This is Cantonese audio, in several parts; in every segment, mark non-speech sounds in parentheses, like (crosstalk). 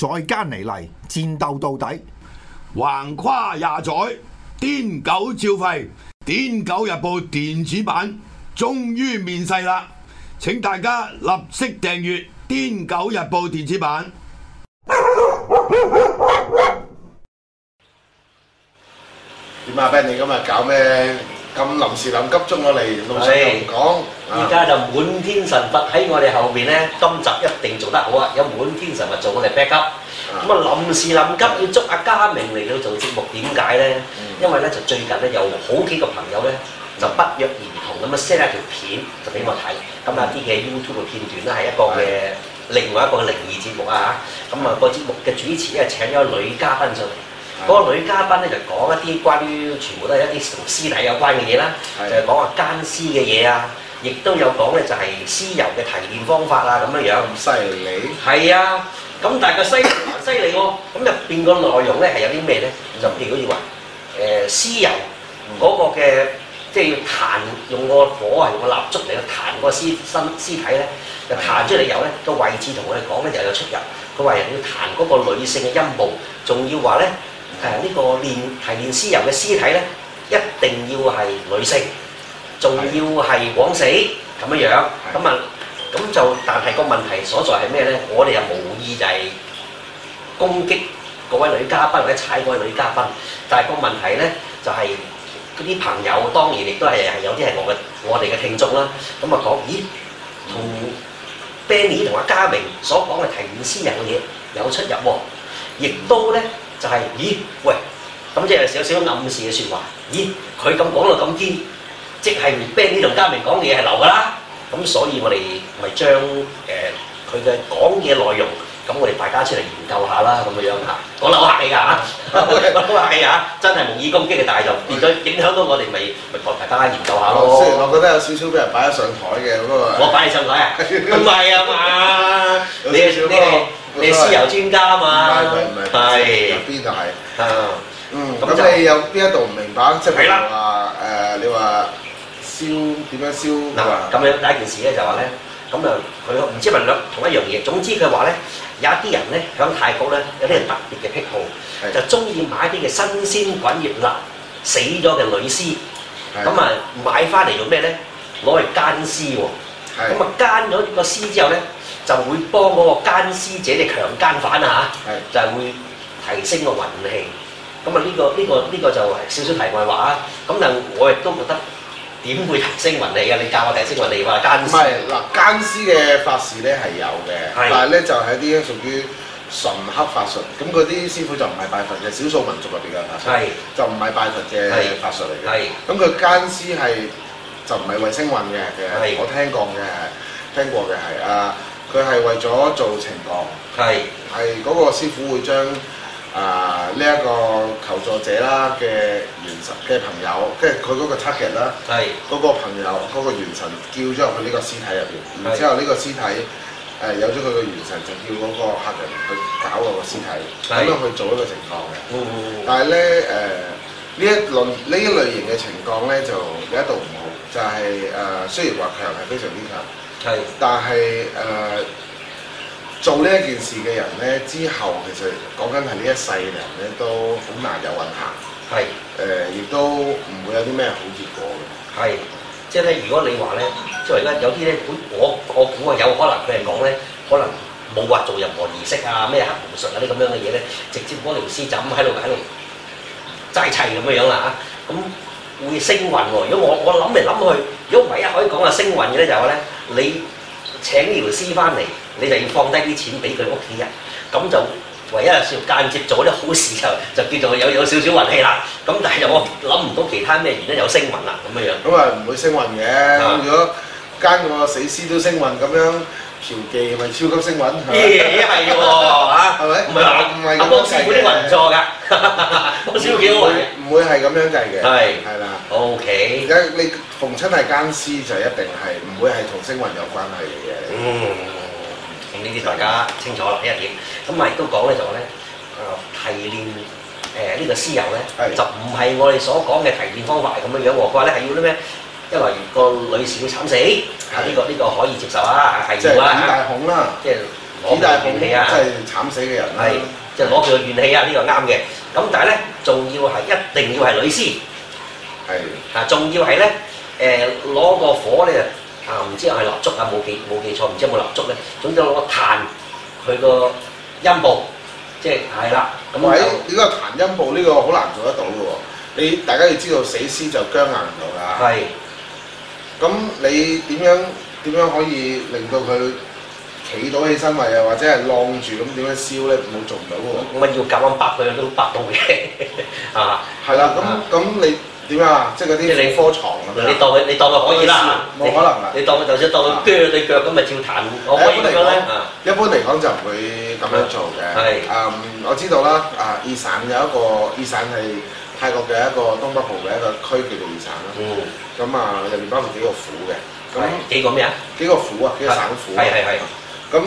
再艱尼嚟，戰鬥到底，橫跨廿載，癲狗照吠。癲狗日報電子版終於面世啦！請大家立即訂閱《癲狗日報》電子版。點啊 Benny？你今日搞咩？咁臨時臨急捉我嚟，老實講。而家就滿天神佛喺我哋後邊咧，今集一定做得好啊！有滿天神佛做，我哋 backup。咁啊，臨時臨急要捉阿嘉明嚟到做節目，點解咧？因為咧就最近咧，有好幾個朋友咧就不約而同咁樣 send 一條片就俾我睇。咁啊啲嘅 YouTube 嘅片段咧，係一個嘅另外一個靈異節目啊。咁啊個節目嘅主持咧，請咗女嘉賓上嚟。嗰個女嘉賓咧就講一啲關於全部都係一啲同屍體有關嘅嘢啦，的就係講話奸屍嘅嘢啊，亦都有講咧就係屍油嘅提煉方法啊咁樣樣，咁犀利？係啊，咁但係個西犀利喎，咁入邊個內容咧係有啲咩咧？就譬如好似話，誒、呃、屍油嗰個嘅即係要燉，用個火係用個蠟燭嚟去燉個屍身屍體咧，就燉出嚟油咧，嗰個位置同我哋講咧又有出入。佢話人要燉嗰個女性嘅陰部，仲要話咧。誒呢個煉提煉屍油嘅屍體咧，一定要係女性，仲要係枉死咁樣樣，咁啊，咁就但係個問題所在係咩咧？我哋又無意就係攻擊嗰位女嘉賓或者踩嗰位女嘉賓，但係個問題咧就係嗰啲朋友當然亦都係係有啲係我嘅我哋嘅聽眾啦，咁啊講咦，同 Benny 同阿珈名所講嘅提煉屍油嘅嘢有出入喎，亦都咧。就係、是，咦？喂，咁即係有少少暗示嘅説話。咦？佢咁講到咁堅，即係唔俾呢度珈名講嘢係流噶啦。咁所以我哋咪將誒佢嘅講嘢內容，咁我哋大家出嚟研究下啦。咁嘅樣嚇，講得我客氣㗎嚇，我 (laughs) (laughs) 客氣嚇，真係無意攻擊嘅，大係又變咗影響到我哋，咪咪坐埋大家研究下咯。雖然我覺得有少少俾人擺咗上台嘅咁啊，我擺你上台啊！唔係 (laughs) 啊嘛，你你。你屍油專家啊嘛，係邊度就係，嗯咁你有邊一度唔明白？即係譬如話誒，你話燒點樣燒？嗱，咁樣第一件事咧就話咧，咁啊佢唔知咪兩同一樣嘢。總之佢話咧，有一啲人咧喺泰國咧有啲人特別嘅癖好，就中意買啲嘅新鮮滾熱辣死咗嘅女屍，咁啊買翻嚟做咩咧？攞嚟奸屍喎，咁啊奸咗個屍之後咧。就會幫嗰個奸屍者嘅強奸犯係啊嚇，就係、係、會提升個運氣。咁啊呢個呢、呢個呢、呢個就少少題外話，咁但我亦都覺得點會提升運氣啊？你教我提升運氣話奸屍。唔係嗱，奸屍嘅法事咧係有嘅，但係咧就係啲屬於純黑法術。咁嗰啲師傅就唔係拜佛嘅，少數民族入邊嘅法術，係就唔係拜佛嘅法術嚟嘅。咁佢奸屍係就唔係衛星運嘅嘅，我聽過嘅，聽過嘅係啊。佢係為咗做情降，係係嗰個師傅會將啊呢一個求助者啦嘅元神嘅朋友，即係佢嗰個 target 啦是，係嗰個朋友嗰、那個元神叫咗入去呢個屍體入邊，是然之後呢個屍體誒、呃、有咗佢嘅元神，就叫嗰個客人去搞嗰個屍體，咁是樣去做一個情降嘅。嗯、但係咧誒呢、呃、一類呢一類型嘅情降咧就有一度唔好，就係、是、誒、呃、雖然話強係非常之強。係，是但係誒、呃、做呢一件事嘅人咧，之後其實講緊係呢一世嘅人咧，都好難有運行。係誒是，亦、呃、都唔會有啲咩好結果嘅。係，即係咧，如果你話咧，即係而家有啲咧，我我估係有可能，佢係講咧，可能冇話做任何儀式啊，咩黑巫術嗰啲咁樣嘅嘢咧，直接嗰條屍浸喺度喺度齋砌咁樣樣啦啊，咁。會升運喎，如果我我諗嚟諗去，如果唯一可以講話升運嘅咧，就係話咧，你請條屍翻嚟，你就要放低啲錢俾佢屋企人，咁就唯一少間接做啲好事，就就叫做有有少少運氣啦。咁但係就我諗唔到其他咩原因有升運啦咁樣，咁啊唔會升運嘅。咁吧如果間個死屍都升運咁樣。嫖妓咪超級星運，係啊，係喎，係咪？唔係唔係咁多細嘅啲運㗎，我超級唔會唔會係咁樣計嘅，係係啦，OK。而家你逢親係奸屍就一定係唔會係同星運有關係嘅嘢，嗯，咁呢啲大家清楚啦，呢一點。咁咪亦都講咧就咧，誒提煉誒呢個屍油咧，就唔係我哋所講嘅提煉方法咁樣喎，佢話咧係要咧咩？一來個女屍會慘死，啊呢個呢個可以接受啊，係即係攞大孔啦，即係攞大怨氣啊，即係慘死嘅人，係即係攞佢嘅怨氣啊，呢個啱嘅。咁但係咧，仲要係一定要係女屍，係啊的，仲、ah, 要係咧誒攞個火咧啊，唔知係蠟燭啊，冇記冇記錯，唔知有冇蠟燭咧。總之攞個彈，佢個陰部，即係係啦。喺呢個彈陰部呢個好難做得到嘅喎。你大家要知道死屍就僵硬唔到㗎，咁你點樣點樣可以令到佢企到起身位啊？或者係晾住咁點樣燒咧？冇做唔到嘅喎。咪要夾硬白佢都白到嘅，啊！係 (laughs) 啦，咁咁你點樣啊？即係嗰啲理科牀咁樣！你當佢，你當佢可以啦，冇可能啦！你，你當佢，就算當佢鋸你腳咁，咪照彈。嗯、我一般嚟講，啊、一般嚟講就唔會咁樣做嘅。係的。嗯，um, 我知道啦。啊，醫生有一個醫生係。泰國嘅一個東北部嘅一個區叫做異省啦，咁啊入面包括幾個府嘅，咁幾個咩啊？幾個府啊？幾個省府、啊？係係係。咁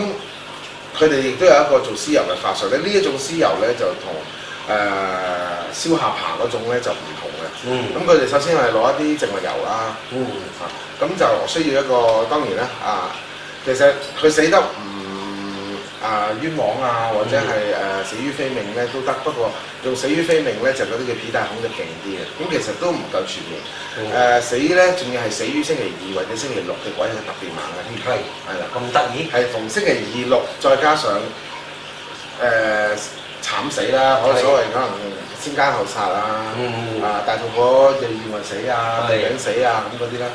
佢哋亦都有一個做屍油嘅法術咧，呢一、呃、種屍油咧就同誒燒下棚嗰種咧就唔同嘅。咁佢哋首先係攞一啲植物油啦、啊。嗯。咁就需要一個當然啦，啊，其實佢死得唔～啊冤枉啊或者係誒死於非命咧都得，不過用死於非命咧就嗰啲叫皮帶孔就勁啲嘅，咁其實都唔夠全面。誒死咧，仲要係死於星期二或者星期六嘅鬼就特別猛嘅，呢個係係啦，咁得意係逢星期二六再加上誒慘死啦，所謂可能先奸後殺啊，啊大肚婆，嘅意外死啊、地頂死啊咁嗰啲啦，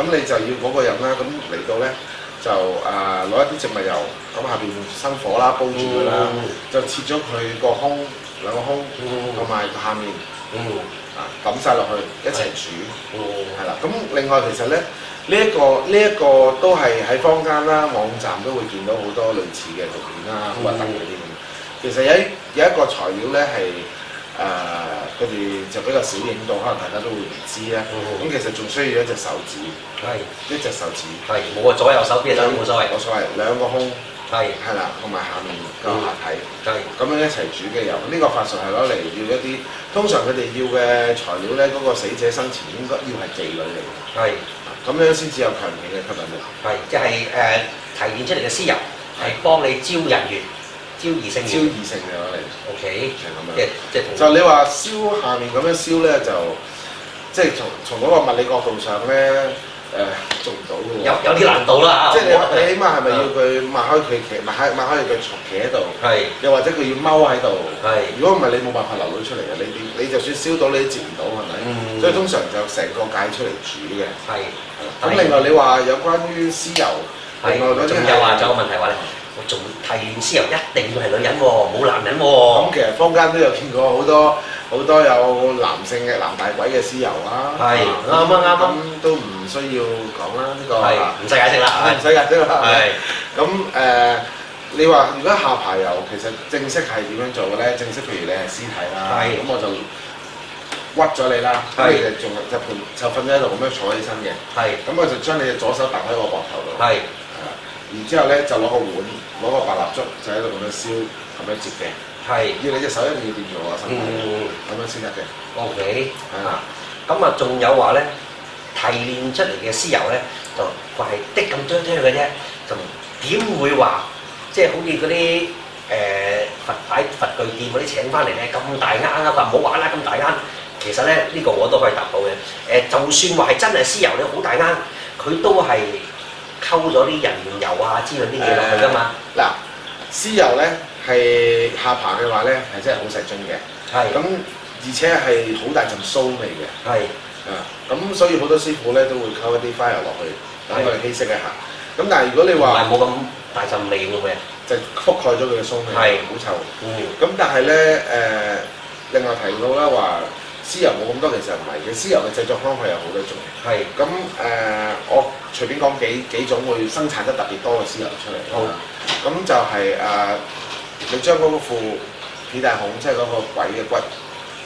咁你就要嗰個人啦，咁嚟到咧。就誒攞、呃、一啲植物油，咁下邊生火啦，煲住佢啦，嗯嗯、就切咗佢個胸兩個胸同埋下面，嗯、啊抌曬落去一齊煮，係啦、嗯。咁另外其實咧，呢、這、一個呢一、這個都係喺坊間啦、網站都會見到好多類似嘅圖片啦、啊，好核突嗰啲。其實有有一個材料咧係誒。跟住就比較少影到，可能大家都會唔知啦。咁、嗯、其實仲需要一隻手指，係是一隻手指，係冇啊，左右手邊都冇所謂，冇所謂，兩個胸，係係啦，同埋下面個、嗯、下體，係咁的樣一齊煮嘅油。呢、這個法術係攞嚟要一啲，通常佢哋要嘅材料咧，嗰、那個死者生前應該要係妓女嚟㗎，係咁的樣先至有強勁嘅吸引力。係，即係誒、呃、提煉出嚟嘅屍油，係幫你招人緣。超異性嘅，超異性嘅我哋 OK 係咁樣。嘅。即同就你話燒下面咁樣燒咧，就即係從從嗰個物理角度上咧，誒做唔到喎。有有啲難度啦，即係你你起碼係咪要佢擘開佢企擘開擘開佢嘅牀企喺度？係。又或者佢要踎喺度？係。如果唔係，你冇辦法流到出嚟嘅。呢啲你就算燒到，你都接唔到係咪？所以通常就成個解出嚟煮嘅。係。咁另外你話有關於屍油，另外嗰啲，仲有話咗個問題話你。仲提煉屍油一定要係女人喎，冇男人喎。咁其實坊間都有見過好多好多有男性嘅男大鬼嘅屍油啊。係啱啊啱啊，都唔需要講啦，呢個唔使解釋啦，唔使解釋啦。係咁誒，你話如果下排油其實正式係點樣做嘅咧？正式譬如你係屍體啦，咁我就屈咗你啦，跟住就就就瞓咗喺度咁樣坐起身嘅。係咁我就將你嘅左手搭喺我膊頭度。係。然之後咧，就攞個碗，攞個白蠟燭，就喺度咁樣燒，咁樣接嘅。係是，要你隻手一定要掂到啊，咁、嗯、樣先得嘅。O Okay , K，是啊，咁啊，仲有話咧，提煉出嚟嘅屍油咧，就係滴咁張張嘅啫，就點會話即係好似嗰啲誒佛牌佛具店嗰啲請翻嚟咧，咁大啱，啱話唔好玩啦，咁大啱，其實咧呢、這個我都可以答到嘅。誒、呃，就算話係真係屍油咧，好大啱，佢都係。抽咗啲人油啊之類啲嘢落去㗎嘛。嗱，屍油咧係下扒嘅話咧係真係好細樽嘅。係。咁而且係好大陣臊味嘅。係。啊。咁所以好多師傅咧都會溝一啲花油落去，等佢稀釋一下。咁但係如果你話，冇咁大陣味會唔會？就覆蓋咗佢嘅臊味。係是，好臭。咁但係咧誒，另外提到啦話，屍油冇咁多，其實唔係嘅。屍油嘅製作方法有好多種。係。咁、嗯、誒、呃、我。隨便講幾幾種會生產得特別多嘅屍油出嚟。好，咁、嗯、就係、是、誒、呃，你將嗰副皮帶孔，即係嗰個鬼嘅骨，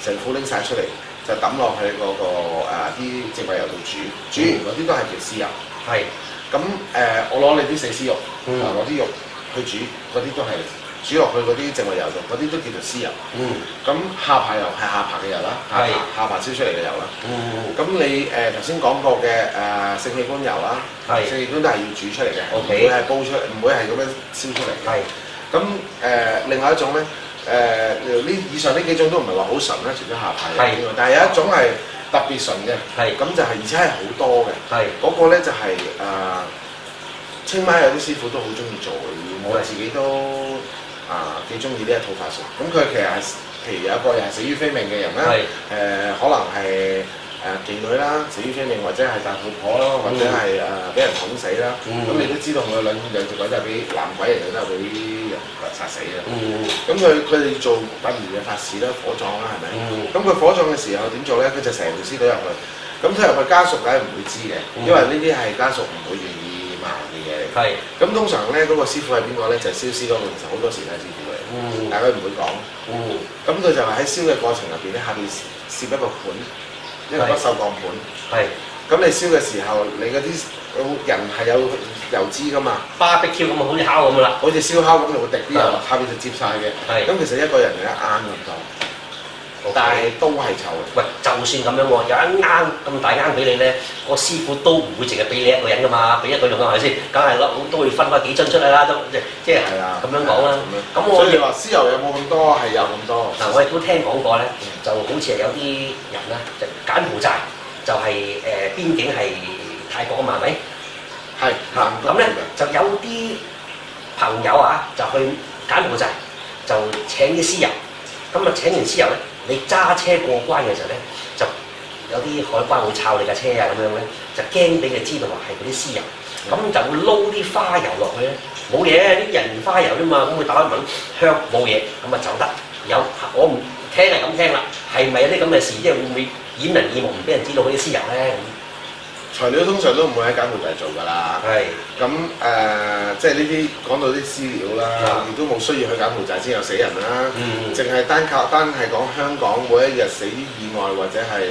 成副拎晒出嚟，就抌落去嗰、那個啲、呃、植物油度煮，煮完嗰啲都係條屍油。係，咁誒、呃，我攞你啲死屍肉，攞啲、嗯、肉去煮，嗰啲都係。煮落去嗰啲植物油度，嗰啲都叫做屍油。嗯。咁下排油係下排嘅油啦，下下排燒出嚟嘅油啦。咁你誒頭先講過嘅誒性器官油啦，性器官都係要煮出嚟嘅，唔會係煲出嚟，唔會係咁樣燒出嚟。係。咁誒另外一種咧，誒呢以上呢幾種都唔係話好純咧，除咗下排嘅但係有一種係特別純嘅，係咁就係而且係好多嘅，係嗰個咧就係誒清邁有啲師傅都好中意做嘅，我自己都。啊，幾中意呢一套法術？咁佢其實係，譬如有一個又係死於非命嘅人啦，誒是、呃，可能係誒妓女啦，死於非命，或者係大富婆咯，嗯、或者係誒俾人捅死啦。咁、嗯、你都知道佢兩兩隻鬼真係俾男鬼嚟，真係俾人殺死嘅。咁佢佢哋做不義嘅法事啦，火葬啦，係咪？咁佢、嗯、火葬嘅時候點做咧？佢就成條屍體入去。咁推入去，家屬梗係唔會知嘅，嗯、因為呢啲係家屬唔會願意。係，咁是通常咧嗰，那個師傅係點講咧？就係、是、燒屍嗰個時候，好多時都係師傅嚟，但係佢唔會講。嗯，咁佢、嗯、就係喺燒嘅過程入邊咧，下邊攝一個盤，是一個不鏽鋼盤。係是，咁你燒嘅時候，你嗰啲人係有油脂噶嘛？花壁鉛咁啊，好似烤咁噶啦，好似燒烤咁，爐度滴啲油，的下邊就接晒嘅。係的，咁是其實一個人嚟一啱咁夠。但係 Okay. 都係就喂，就算咁樣喎，有一啱，咁大啱俾你咧，個師傅都唔會淨係俾你一個人噶嘛，俾一個用啊，係咪先？梗係咯，都會分翻幾樽出嚟啦，都即即係啊，咁、就是、樣講啦。咁我所以話屍油有冇咁多？係有咁多。嗱，我亦都聽講過咧，就好似有啲人就是、柬埔寨就係、是、誒、呃、邊境係泰國啊嘛，係咪？係的。咁咧就有啲朋友啊，就去柬埔寨，就請啲屍油，咁啊請完屍油咧。你揸車過關嘅時候咧，就有啲海關會抄你架車啊，咁樣咧就驚俾你知道話係嗰啲屍油，咁、嗯、就會撈啲花油落去咧，冇嘢、嗯，啲人花油啫嘛，咁佢打開門，香冇嘢，咁啊走得有，我唔聽就咁聽啦，係咪有啲咁嘅事，即係會唔會掩人耳目，唔俾人知道嗰啲屍油咧？材料通常都唔會喺柬埔寨做㗎啦，咁誒是、呃，即係呢啲講到啲資料啦，亦都冇需要去柬埔寨先有死人啦，淨係、嗯、單靠單係講香港每一日死於意外或者係誒、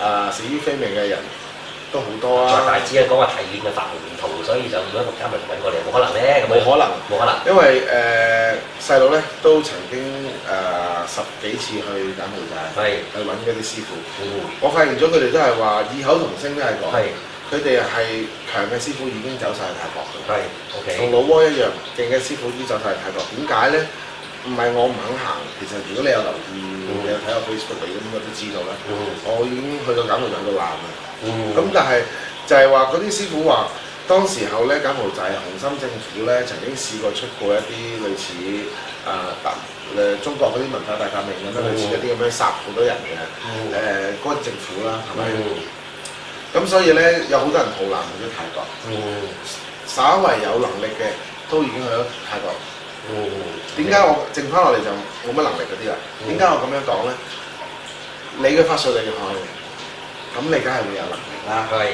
呃、死於非命嘅人。都好多啊！大師啊，講話提煉嘅法門唔同，所以就唔果錄音咪揾過嚟，冇可能咧。冇可能，冇可能。因為誒細佬咧都曾經誒、呃、十幾次去柬埔寨，係是去揾嗰啲師傅。嗯、我發現咗佢哋都係話異口同聲都係講，係佢哋係強嘅師傅已經走曬泰國嘅，係同、okay. 老撾一樣，勁嘅師傅已經走曬泰國。點解咧？唔係我唔肯行，其實如果你有留意，你有睇我 Facebook 你應該都知道啦。我已經去到柬埔寨度爛啦。咁但係就係話嗰啲師傅話，當時候咧柬埔寨紅心政府咧曾經試過出過一啲類似啊誒中國嗰啲文化大革命咁樣類似一啲咁樣殺好多人嘅誒嗰個政府啦，係咪？咁所以咧有好多人逃難去咗泰國，稍為有能力嘅都已經去咗泰國。哦，點解我剩翻落嚟就冇乜能力嗰啲啦？點解我咁樣講咧？你嘅法術厲害，咁你梗係會有能力啦。係，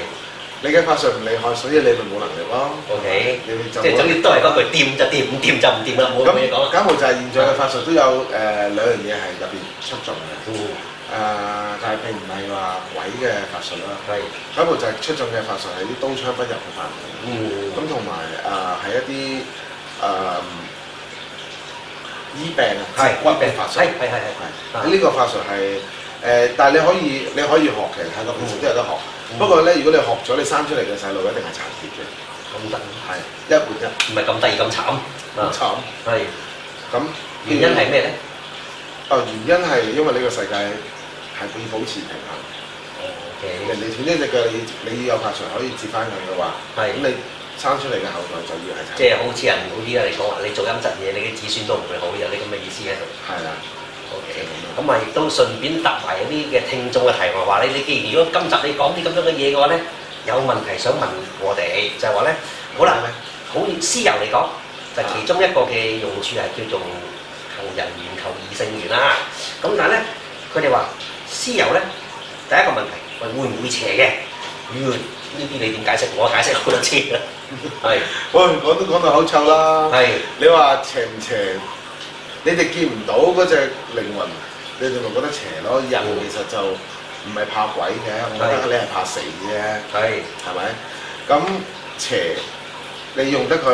你嘅法術唔厲害，所以你咪冇能力咯。OK，你咪就即係總之都係嗰句，掂就掂，唔掂就唔掂啦。咁，柬埔寨現在嘅法術都有誒兩樣嘢係入邊出眾嘅。誒，但係並唔係話鬼嘅法術啦。係，柬埔寨出眾嘅法術係啲刀槍不入嘅法術。嗯，咁同埋誒喺一啲誒。醫病啊，係骨病法術，係係係係呢個法術係誒、呃，但係你可以你可以學嘅，喺六門術都有得學。嗯、不過咧，如果你學咗，你生出嚟嘅細路一定係殘缺嘅。咁得？係是一半啫，唔係咁低咁慘。慘係。咁慘是原因係咩咧？呢哦，原因係因為呢個世界係可以保持平衡。嗯 okay. 人哋斷呢隻腳，你你要有法術可以接翻佢嘅話，係是你。生出嚟嘅後代就要係，即係好似人好啲啦嚟講話，你做陰質嘢，你嘅子孫都唔會好，有啲咁嘅意思喺度。係啦的，OK。咁啊，亦都順便答埋一啲嘅聽眾嘅題目，話你你既然如果今集你講啲咁樣嘅嘢嘅話咧，有問題想問我哋的，就係話咧，可能好似屍油嚟講，就其中一個嘅用處係叫做求人緣求異性緣啦。咁但咧，佢哋話屍油咧，第一個問題係會唔會邪嘅？嗯呢啲你點解釋？我解釋好多次啦，係，喂，我都講到口臭啦，係，你話邪唔邪？你哋見唔到嗰隻靈魂，你哋咪覺得邪咯？人其實就唔係怕鬼嘅，我覺得你係怕死啫，係，係咪？咁邪，你用得佢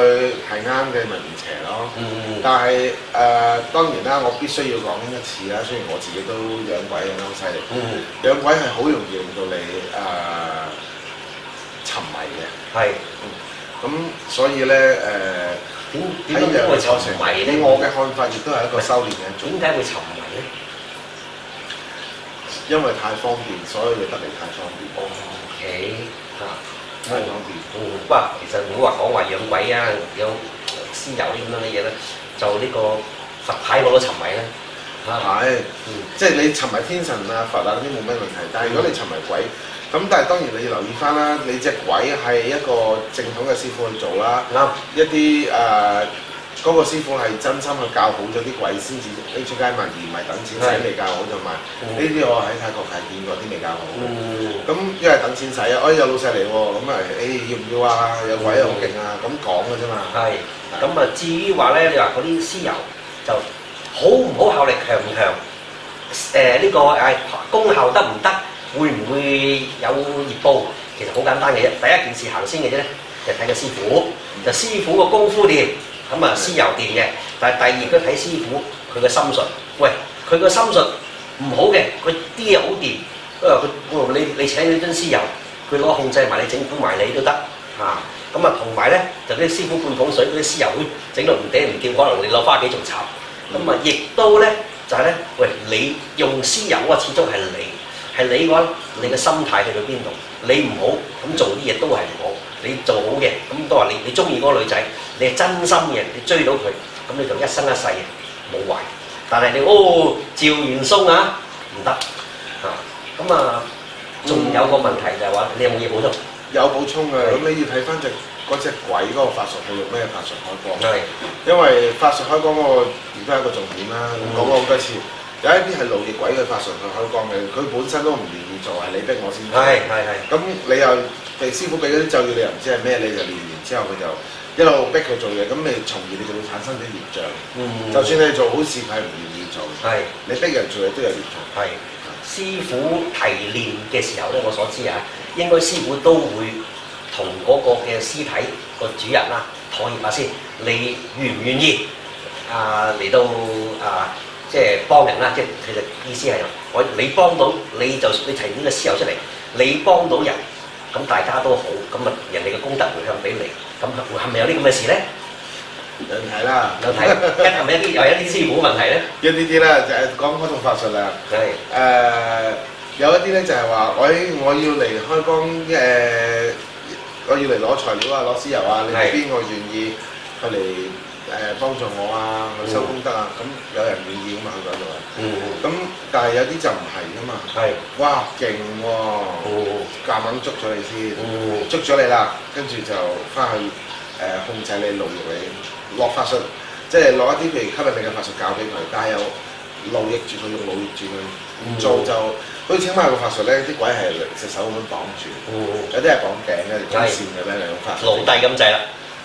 係啱嘅，咪唔邪咯？嗯嗯嗯。但係誒，當然啦，我必須要講一次啦。雖然我自己都養鬼養得犀利，養鬼係好容易令到你誒。沉迷嘅係，咁是、嗯、所以咧誒，點、點解會沉迷咧，我嘅看法亦都係一個修煉嘅。點解會沉迷咧？為迷因為太方便，所以就得嚟太方便。O K，真係方便。嗱，其實唔好話講話養鬼啊，嗯、有，屍油啲咁樣嘅嘢啦，就呢個佛牌攞咗沉迷啦。啊係是，嗯、即係你沉迷天神啊佛啊啲冇咩問題，但係如果你沉迷鬼。咁但係當然你要留意翻啦，你隻鬼係一個正統嘅師傅去做啦。嗯、一啲誒嗰個師傅係真心去教好咗啲鬼先至拎出街賣，而唔係等錢使未是教好就賣。呢啲、嗯、我喺泰國係見過啲未教好咁因為等錢使啊，哎有老細嚟喎，咁啊誒要唔要啊？有鬼好勁啊！咁講嘅啫嘛。係咁啊，是是至於話咧，你話嗰啲屍油就好唔好效力強唔強，強？誒、呃、呢、呢個誒功效得唔得？會唔會有熱煲？其實好簡單嘅啫，第一件事先行先嘅啫，就睇個師傅，就是、師傅個功夫掂，咁啊，屍油掂嘅。但係第二，佢、就、睇、是、師傅佢嘅心術。喂，佢個心術唔好嘅，佢啲嘢好掂，因為佢你你請咗樽屍油，佢攞控制埋你整蠱埋你都得。嚇，咁啊，同埋咧，就啲師傅半桶水嗰啲屍油會，佢整到唔嗲唔掂可能你攞返幾重茶。咁啊，亦都咧就係、是、咧，喂，你用屍油啊，始終係你。係你話，你嘅心態去到邊度？你唔好咁做啲嘢都係唔好。你做好嘅咁都話你，你中意嗰個女仔，你係真心嘅，你追到佢，咁你就一生一世冇壞。但係你哦，趙元松啊，唔得啊。咁啊，仲有個問題就係、是、話，嗯、你有冇嘢補充？有補充嘅，咁的你要睇翻隻隻鬼嗰個法術，佢用咩法術開光？係的，因為法術開光我而家一個重點啦，講、嗯、過好多次。有一啲係勞役鬼佢發神佢去幹嘅，佢本身都唔願意做，係你逼我先做。係係係。咁你又被師傅俾嗰啲咒語，你又唔知係咩，你就練完之後佢就一路逼佢做嘢，咁你從而你就會產生啲孽障。嗯、就算你做好事，佢唔願意做。係。是 你逼人做嘢都有孽障。係。師傅提煉嘅時候咧，我所知啊，應該師傅都會同嗰個嘅屍體、個主人啦，妥協下先，你願唔願意啊嚟到啊？即係幫人啦，即係其實意思係，我你幫到你就你提呢嘅屍油出嚟，你幫到人，咁大家都好，咁咪人哋嘅功德回向俾你，咁係咪有啲咁嘅事咧？有睇啦，有睇，跟係咪一啲又一啲師傅問題咧？一啲啲啦，就係講開道法術啦，係誒是、呃，有一啲咧就係話，我我要嚟開工誒，我要嚟攞、呃、材料啊，攞屍油啊，你邊個願意嚟？是誒幫助我啊，咪收功德啊，咁有人願意啊嘛，去度，咁但係有啲就唔係噶嘛，哇勁喎，夾硬捉咗你先，捉咗你啦，跟住就翻去誒控制你奴役你，落法術，即係攞一啲譬如吸命命嘅法術教俾佢，但係又奴役住佢，用奴役住佢，唔做就好似清邁嘅法術咧，啲鬼係隻手咁樣綁住，有啲係綁頸嘅，有啲係綁線嘅咧，兩種法。老弟咁滯啦，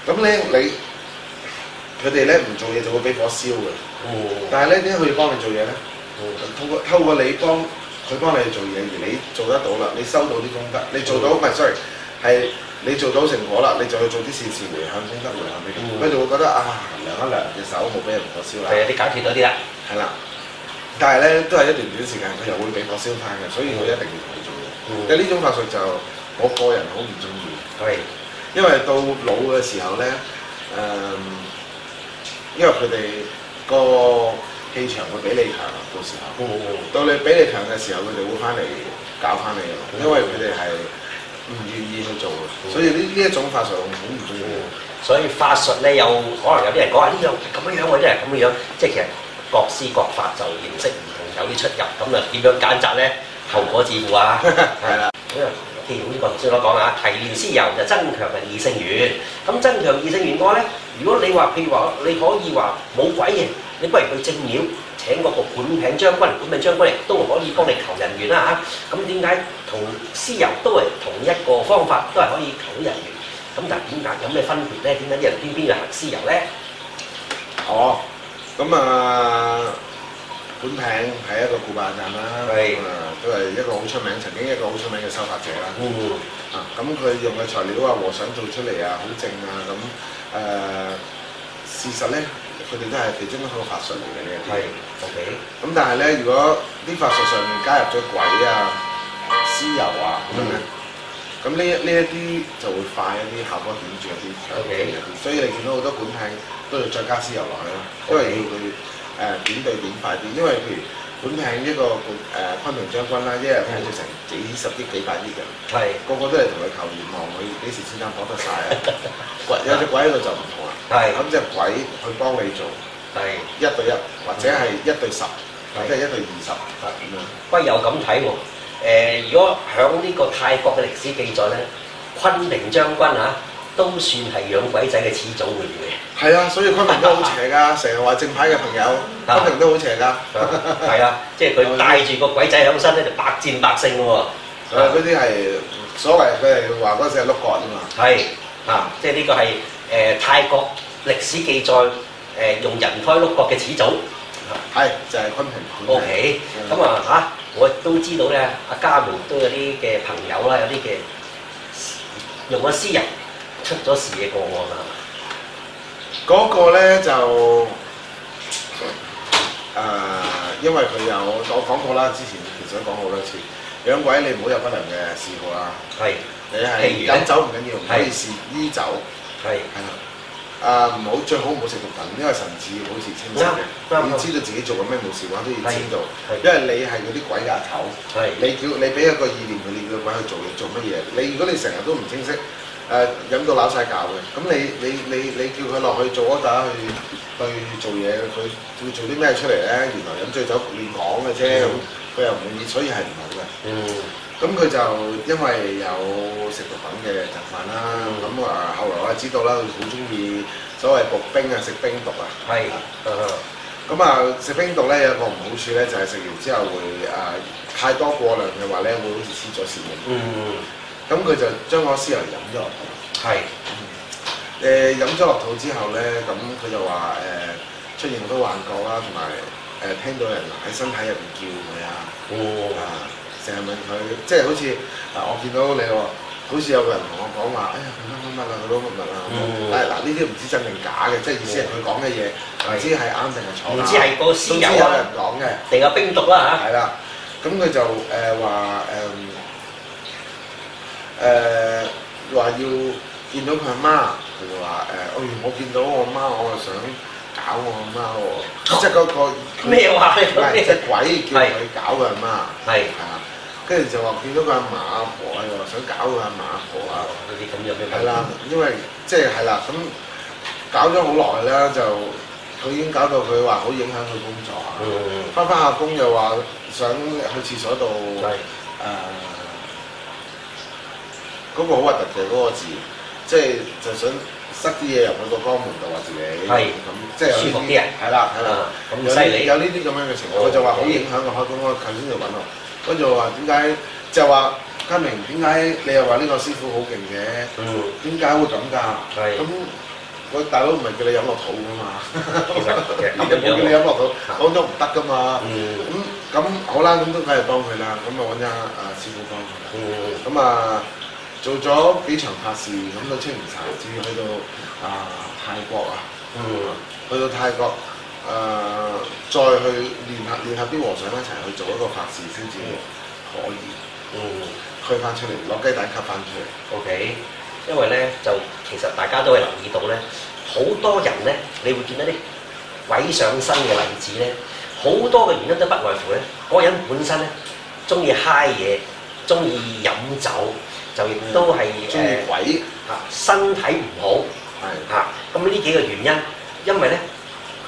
咁你你。佢哋咧唔做嘢就會俾火燒嘅，但係咧點解佢要幫你做嘢咧？透過透過你幫佢幫你做嘢，而你做得到啦，你收到啲功德，你做到唔係 sorry 係你做到成果啦，你就去做啲善事，回向功德，回向俾佢，佢就會覺得啊涼一涼隻手，冇俾人火燒啦。係啊，你解決到啲啦。係啦，但係咧都係一段短時間，佢又會俾火燒翻嘅，所以佢一定要同你做嘢。咁呢種法術就我個人好唔中意，係因為到老嘅時候咧，誒。因為佢哋個氣場會比你強，到時候到你比你強嘅時候，佢哋會翻嚟教翻你。因為佢哋係唔願意去做，所以呢呢一種法術好唔好？所以法術咧、嗯，有可能有啲人講話呢樣咁樣樣，或者係咁樣樣，樣，樣，即係其實各施各法就形式唔同，有啲出入。咁啊，點樣揀擇咧？後果自負啊！係啦，因為見到呢個頭先所講啦，提煉屍油就增強嘅異性緣。咁增強異性緣嘅話咧？如果你話譬如話，你可以話冇鬼嘅，你不如去正廟請嗰個坤平將軍，坤平將軍嚟都可以幫你求人緣啦嚇。咁點解同屍油都係同一個方法，都係可以求人緣？咁但係點解有咩分別咧？點解啲人偏偏要行屍油咧？哦，咁啊。坤平係一個古巴站啦，啊對、嗯、都係一個好出名，曾經一個好出名嘅修法者啦。嗯、啊咁佢用嘅材料啊，和尚做出嚟啊，好正啊咁誒。事實咧，佢哋都係其中一個法術嚟嘅、okay 嗯、呢一啲。咁但係咧，如果啲法術上面加入咗鬼啊、屍油啊，咁呢一呢一啲就會快一啲，效果顯著一啲。Okay 所以你見到好多坤平都要再加屍油落去咯，因為要佢。嗯誒點對點快啲，因為譬如本聽一個誒坤、啊、平將軍啦，一日創造成幾十億幾百億人，係是 個個都係、啊、同佢求願望，佢幾時先能攞得晒？啊？鬼有隻鬼喺度就唔同啦，係咁隻鬼去幫你做，係一對一或者係一對十，或者一對二十，係咁啊？不過這有咁睇喎，如果響呢個泰國嘅歷史記載咧，昆明將軍啊。都算係養鬼仔嘅始祖嚟嘅，係啊，所以昆平都好邪㗎，成日話正派嘅朋友，昆平都好邪㗎，係啊，即係佢帶住個鬼仔喺身咧，就百戰百勝喎。嗰啲係所謂佢係話嗰隻碌角啫嘛。係啊，即係呢個係誒泰國歷史記載誒、呃、用人胎碌角嘅始祖，係、啊、就係、係、昆平。O.K. 咁啊嚇，我都知道咧，阿珈名都有啲嘅朋友啦，有啲嘅用個私人，出咗事嘅個案啊！嗰個咧就誒、呃，因為佢有我講過啦，之前其實想講好多次，養鬼你唔好有不良嘅嗜好啊。係，你係飲酒唔緊要，唔可以試醫酒。係係啦，啊唔好最好唔好食毒品，因為神智好似清晰，嗯嗯、你知道自己做緊咩冇事嘅話都要知道，因為你係嗰啲鬼嘅頭。係是你叫你俾一個意念你叫個鬼去做嘢做乜嘢？你如果你成日都唔清晰。誒飲、呃、到攪晒，臼嘅，咁你你你你叫佢落去做一打去去做嘢，佢會做啲咩出嚟咧？原來飲醉酒亂講嘅啫，佢、嗯、又唔滿意，所以係唔好嘅。嗯，咁佢就因為有食毒品嘅習慣啦，咁、嗯、啊後來我就知道啦，佢好鍾意所謂薄冰，冰的、呃、啊，食冰毒啊。係。誒，咁啊食冰毒咧有一個唔好處咧，就係、是、食完之後會誒、啊、太多過量嘅話咧，會好似黐咗線咁。嗯。嗯咁佢就將個屍油飲咗落肚。係是。誒飲咗落肚之後咧，咁、嗯、佢就話誒、呃、出現好多幻覺啦，同埋誒聽到人喺身體入邊叫佢、哦、啊，成日問佢，即係好似嗱、啊、我見到你好似有個人同我、哎嗯啊、講話，哎呀乜乜乜啦，好多乜乜啦，嗱呢啲唔知真定假嘅，即係意思係佢講嘅嘢，唔知係啱定係錯。唔知係個屍油人講嘅，定個冰毒啦、啊、嚇？係啦，咁佢就誒話誒。嗯嗯嗯嗯誒話、呃、要見到佢阿媽，媽，佢就話誒，我見到我阿媽，我誒想搞我阿媽喎、哦呃，即係嗰、那個咩話？係隻鬼叫佢搞佢阿媽，媽，係是啊，跟住就話見到佢阿嫲阿婆，又想搞佢阿嫲阿婆啊，嗰啲咁樣咩？係、嗯、啦，因為即係係啦，咁搞咗好耐啦，就佢、是、已經搞到佢話好影響佢工作，翻翻下工又話想去廁所度，誒。呃嗰個好核突嘅嗰個字，即係就想塞啲嘢入去個肛門度，話自己咁，即係有啲係啦，咁犀利有呢啲咁樣嘅情況，佢就話好影響開工，我頭先就揾我，跟住我話點解？就話珈名點解你又話呢個師傅好勁嘅？嗯，點解會咁㗎？係咁，我大佬唔係叫你飲落肚㗎嘛？其實根本冇叫你飲落肚，講咗唔得㗎嘛。咁咁好啦，咁都梗係幫佢啦。咁啊揾下啊師傅幫佢。嗯，咁啊。做咗幾場拍攝，咁都清唔晒。先至去到啊、呃、泰國啊，嗯，去到泰國，誒、呃，再去聯合聯合啲和尚一齊去做一個拍攝先至可以，嗯，開翻出嚟攞雞蛋吸翻出嚟，OK。因為咧就其實大家都會留意到咧，好多人咧你會見到啲鬼上身嘅例子咧，好多嘅原因都不外乎咧，嗰、那個人本身咧中意嗨嘢，中意飲酒，就亦都係誒嚇身體唔好嚇，咁呢的幾個原因，因為咧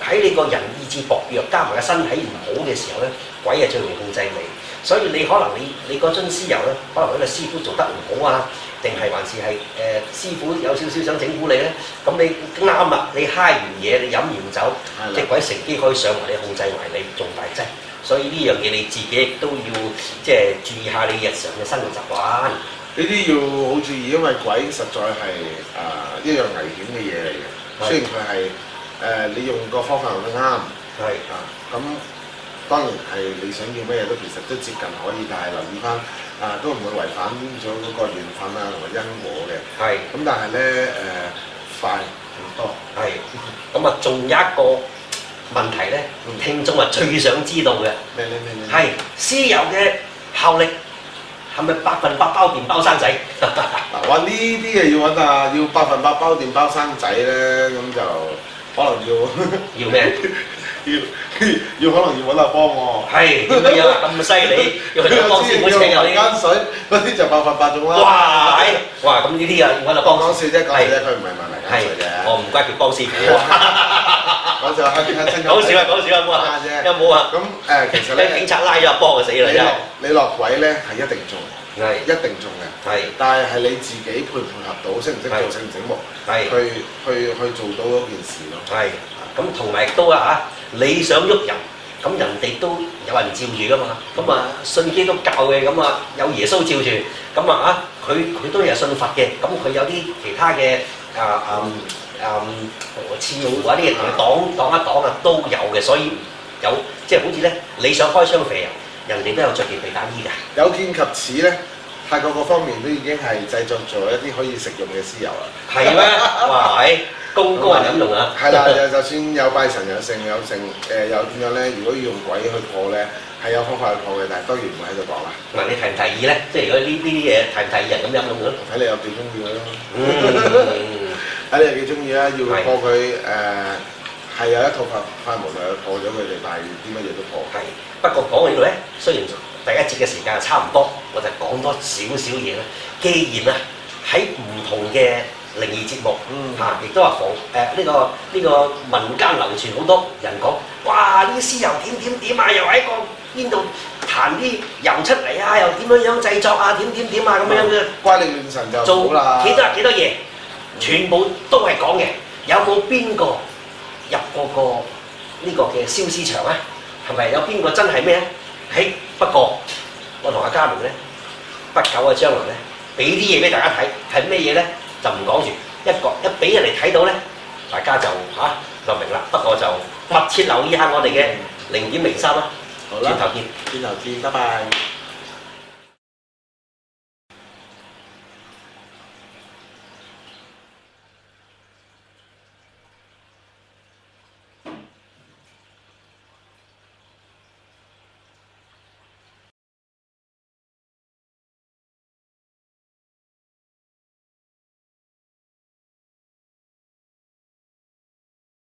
喺你個人意志薄弱加埋個身體唔好嘅時候咧，鬼係最容易控制你，所以你可能你你嗰樽屍油咧，可能嗰個師傅做得唔好啊，定係還是係誒、呃、師傅有少少想整蠱你咧，咁你啱啦，你嗨完嘢，你飲完酒，隻的鬼乘機可以上嚟，你控制埋你，重大劑，所以呢樣嘢你自己亦都要即係注意下你日常嘅生活習慣。呢啲要好注意，因為鬼實在係啊、呃、一樣危險嘅嘢嚟嘅。是雖然佢係誒你用個方法用得啱，係是啊咁當然係你想要咩嘢都其實都接近可以，但係留意翻啊都唔會違反咗嗰個緣分啊、同埋因果嘅。係咁是，但係咧誒快好多。係咁啊，仲有一個問題咧，嗯、聽眾係最想知道嘅係屍油嘅效力。係咪百分百包電包生仔？嗱、啊，揾呢啲嘢要揾啊，要百分百包電包生仔咧，咁就可能要要咩？ (laughs) 要要可能要揾阿、哎啊、邦喎。係，咁犀利。有時有啲間水嗰啲就百分百做啦。哇！哇！咁呢啲啊揾阿邦講笑啫，講笑啫，佢唔係問嚟間水啫。哦，唔怪得邦師傅。我就係講笑啊，講笑啊，冇啊，有冇啊？咁誒，其實俾警察拉咗阿波就死啦啫。你落鬼咧係一定做嘅，係一定做嘅，係。但係係你自己配唔配合到，識唔識做，醒唔醒目，係去去去做到嗰件事咯。係。咁同埋都啊，你想喐人，咁人哋都有人照住噶嘛。咁啊，信基督教嘅咁啊，有耶穌照住，咁啊，嚇佢佢都係信佛嘅，咁佢有啲其他嘅啊啊。誒，刺用啲人同佢擋擋一擋啊，都有嘅，所以有即係、就是、好似咧，你想開槍肥人、呃，人哋都有着件避彈衣啊。有見及此咧，泰國各方面都已經係製作咗一啲可以食用嘅屍油啦。係咩？喂，高公公飲用啊！係啦、 (laughs) (noise) 啊，就算有拜神有聖有聖誒，又點樣咧？如果要用鬼去破咧，係有方法去破嘅，但係當然唔會喺度講啦。嗱、嗯，你提唔提議咧？即係如果呢啲嘢提唔提議，人咁飲、嗯、用嘅？睇你有幾中意佢咯。睇你幾中意啦，要破佢誒係有一套法門，破咗佢哋，但係啲乜嘢都破。係，不過講起度咧，雖然第一節嘅時間係差唔多，我就講多少少嘢啦。既然啊，喺唔同嘅靈異節目嚇，亦、嗯啊、都話好，誒、呃、呢、這個呢、這個民間流傳，好多人講哇，呢啲屍油點點點啊，又喺個邊度彈啲油出嚟啊，又點樣樣製作啊，點點點啊咁樣嘅。怪力亂神就好啦。做幾多啊？幾多嘢？多全部都係講嘅，有冇邊個入過個呢個嘅燒屍場咧？係咪有邊個真係咩咧？嘿，不過我同阿珈名咧不久嘅將來咧，俾啲嘢俾大家睇，係咩嘢咧？就唔講住，一講一俾人哋睇到咧，大家就嚇就明啦。不過就密切留意下我哋嘅靈點靈3啦。好啦，轉頭見，轉頭見，拜拜。